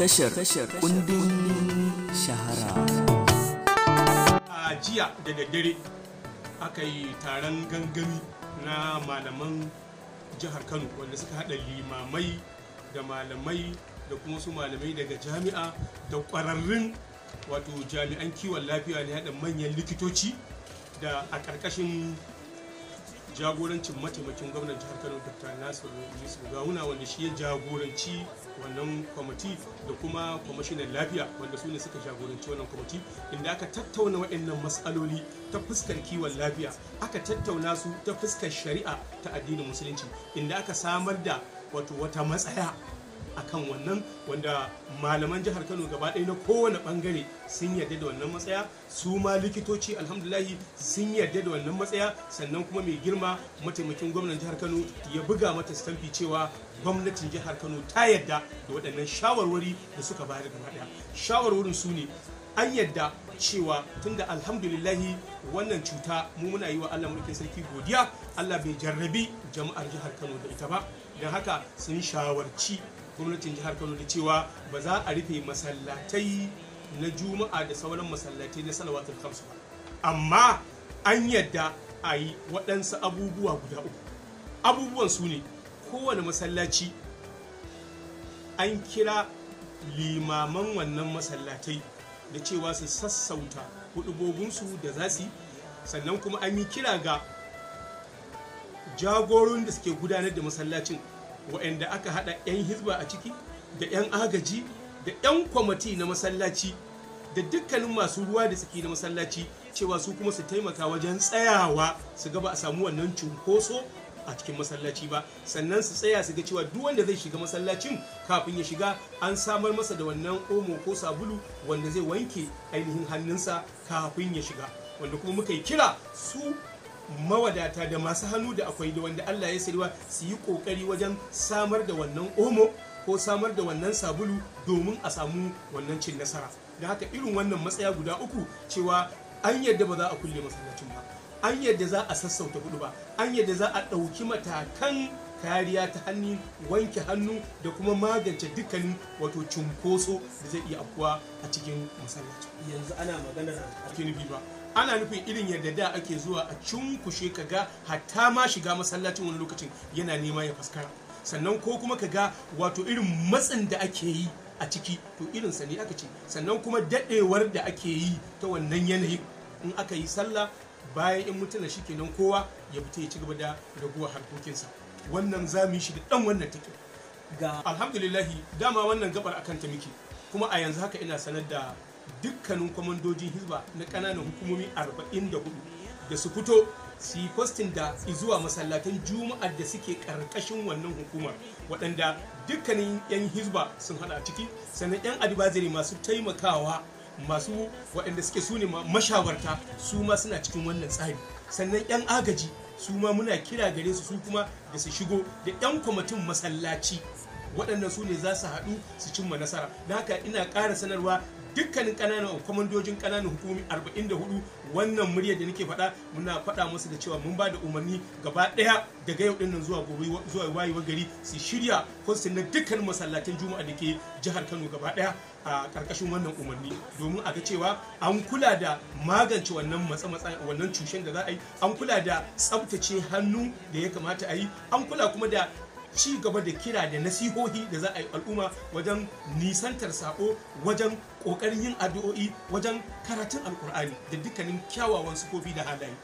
tashar kundin shahara a jiya da daddare aka yi taron gangami na malaman jihar kano wanda suka hada limamai da malamai da kuma su malamai daga jami'a da kwararrun wato jami'an kiwon lafiya ne haɗa manyan likitoci da a ƙarƙashin jagorancin mataimakin gwamnan jihar kano dr nasiru yusuf gawuna wanda shi ya jagoranci wannan kwamiti da kuma kwamishinan lafiya wanda su ne suka jagoranci wannan kwamiti inda aka tattauna waɗannan matsaloli ta fuskar kiwon lafiya aka tattauna su ta fuskar shari'a ta addinin musulunci inda aka samar da wato wata matsaya akan wannan wanda malaman jihar kano gaba ɗaya na kowane ɓangare sun yarda da wannan matsaya su ma likitoci alhamdulahi sun yarda da wannan matsaya sannan kuma mai girma mataimakin gwamnan jihar kano ya buga mata stamfi cewa gwamnatin jihar kano ta yarda da waɗannan shawarwari da suka bayar gaba ɗaya shawarwarin su ne an yadda cewa tun da alhamdulillahi wannan cuta mu muna yi wa Allah mulkin sarki godiya Allah bai jarrabi jama'ar jihar Kano da ita ba don haka sun shawarci gwamnatin jihar kano da cewa ba za a rufe masallatai na juma'a da sauran masallatai na salawatul kamsu ba amma an yadda a yi waɗansu abubuwa guda uku abubuwan su ne kowane masallaci an kira limaman wannan masallatai da cewa su sassauta hudubobinsu da za su sannan kuma an yi kira ga jagoron da suke gudanar da masallacin waɗanda aka haɗa 'yan hizba a ciki da 'yan agaji da 'yan kwamati na masallaci da dukkanin masu ruwa da tsaki na masallaci cewa su kuma su taimaka wajen tsayawa su ga ba a samu wannan cunkoso a cikin masallaci ba sannan su tsaya su ga cewa duk wanda zai shiga masallacin kafin ya shiga an samar masa da wannan omo ko sabulu wanda zai wanke ainihin hannunsa kafin ya shiga wanda kuma muka yi kira su mawadata da masu hannu da akwai da wanda Allah ya sirwa su yi kokari wajen samar da wannan omo ko samar da wannan sabulu domin a samu wannan cin nasara da haka irin wannan matsaya guda uku cewa an yadda ba za a kulle masallacin ba an yadda za a sassauta kudu ba an yadda za a ɗauki matakan kariya ta hannu wanke hannu da kuma magance dukkanin wato cunkoso da zai iya afuwa a cikin masallaci yanzu ana maganar a nufi ba ana nufin irin yadda da ake zuwa a cunkushe ka ga hatta ma shiga masallacin wani lokacin yana nema ya faskara sannan ko kuma ka ga wato irin matsin da ake yi a ciki to irin sa ne aka ce sannan kuma dadewar da ake yi ta wannan yanayi in aka yi sallah bayan in mutuna shikenan kowa ya fita ya ci gaba da raguwa harkokinsa wannan za mu yi shi da dan wannan take ga alhamdulillahi dama wannan gabar akan ta muke kuma a yanzu haka ina sanar da dukkanin kwamandojin hizba na ƙananan hukumomi 44 da su fito su yi postin da zuwa masallatan juma'a da suke ƙarƙashin wannan hukumar waɗanda dukkanin 'yan hizba sun hada ciki sannan 'yan adibaziri masu taimakawa masu waɗanda suke su mashawarta su ma suna cikin wannan tsari sannan 'yan agaji su ma muna kira gare su su kuma da su shigo da 'yan kwamitin masallaci waɗannan su ne za su haɗu su cimma nasara na haka ina ƙara sanarwa dukkanin ƙananan kwamandojin ƙananan hukumi 44 wannan muryar da nake faɗa muna faɗa musu da cewa mun ba da umarni gaba ɗaya daga yau ɗinnan zuwa gobe zuwa wayewar gari su shirya kwastin na dukkanin masallatan juma'a da ke jihar kano gaba ɗaya a karkashin wannan umarni domin a ga cewa an kula da magance wannan matsa-matsa wannan cushen da za a yi an kula da tsabtace hannu da ya kamata a yi an kula kuma da ci gaba da kira da nasihohi da za a yi al'umma wajen nisantar sako wajen kokarin yin addu'o'i wajen karatun alkur'ani da dukkanin kyawawan sufofi da halaye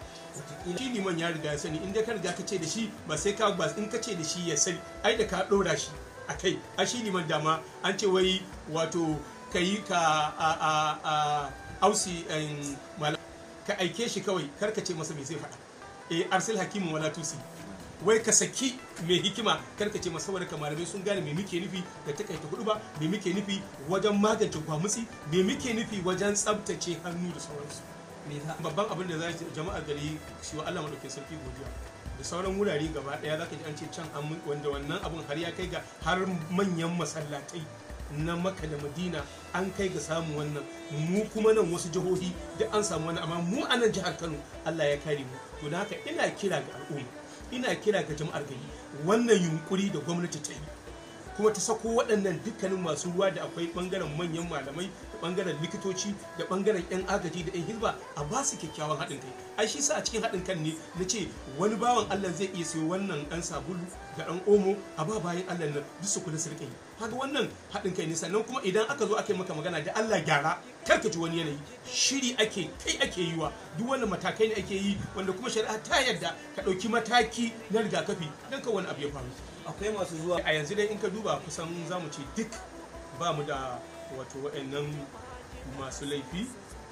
shi liman ya riga ya sani in da ka riga ka ce da shi ba sai ka ba in ka ce da shi ya sani ai da ka ɗora shi a kai a shi ne dama an ce wai wato ka yi ka a ausi ka aike shi kawai karka ce masa mai zai faɗa e arsil hakimin wala tusi wai ka saki mai hikima karka ce masa saboda malamai sun gane me muke nufi da ta kai ta hudu ba mai muke nufi wajen magance kwamutsi me muke nufi wajen tsabtace hannu da sauransu babban abin da za jama'ar gari shi wa Allah madaukin sarki godiya da sauran wurare gaba daya ka ji an ce can an wanda wannan abun har ya kai ga har manyan masallatai na maka da madina an kai ga samu wannan mu kuma nan wasu jihohi duk an samu wannan amma mu a nan jihar kano allah ya kare mu to haka ina kira ga al'umma ina kira ga jama'ar gari wannan yunkuri da gwamnati ta yi kuma ta sako waɗannan dukkanin masu ruwa da akwai ɓangaren manyan malamai da bangaren likitoci da bangaren yan agaji da yan hizba a ba su kyakkyawan haɗin kai ai shi sa a cikin haɗin kan ne na ce wani bawan Allah zai iya siyo wannan ɗan sabulu da ɗan omo a ba bayan Allah nan duk su kula su Haka kaga wannan haɗin kai ne sannan kuma idan aka zo ake maka magana da Allah gyara karka ji wani yanayi shiri ake kai ake yi wa duk wani matakai ne ake yi wanda kuma shari'a ta yadda ka ɗauki mataki na rigakafi don ka wani abu ya faru akwai masu zuwa a yanzu dai in ka duba kusan zamu ce duk ba mu da wato waɗannan masu laifi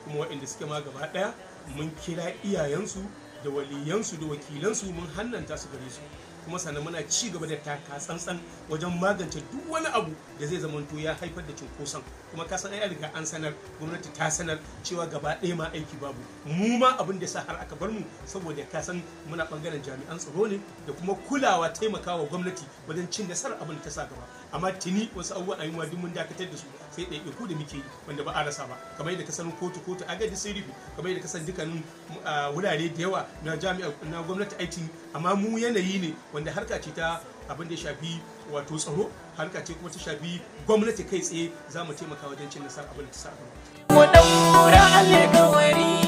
kuma waɗanda suke ma gaba ɗaya mun kira iyayensu da waliyansu da wakilansu mun hannanta su gare su kuma sannan muna ci gaba da taka tsantsan wajen magance duk wani abu da zai zamanto ya haifar da cunkoson kuma ka san ai riga an sanar gwamnati ta sanar cewa gaba ɗaya ma aiki babu mu ma abin da sa har aka bar mu saboda ka san muna bangaren jami'an tsaro ne da kuma kulawa taimakawa gwamnati wajen cin nasarar abin da ta sa gaba amma tuni wasu abubuwan ayyuma duk mun dakatar da su sai ɗaya ko da muke wanda ba a rasa ba kamar yadda ka san kotu kotu agadi sai rufe kamar yadda ka san dukkanin wurare da yawa na jami'a na gwamnati aiki amma mu yanayi ne wanda harka ce ta abin da ya shafi wato tsaro harka ce kuma ta shafi gwamnati kai tsaye za mu taimaka wajen cin nasarar abin da ta sa a Mu alƙawari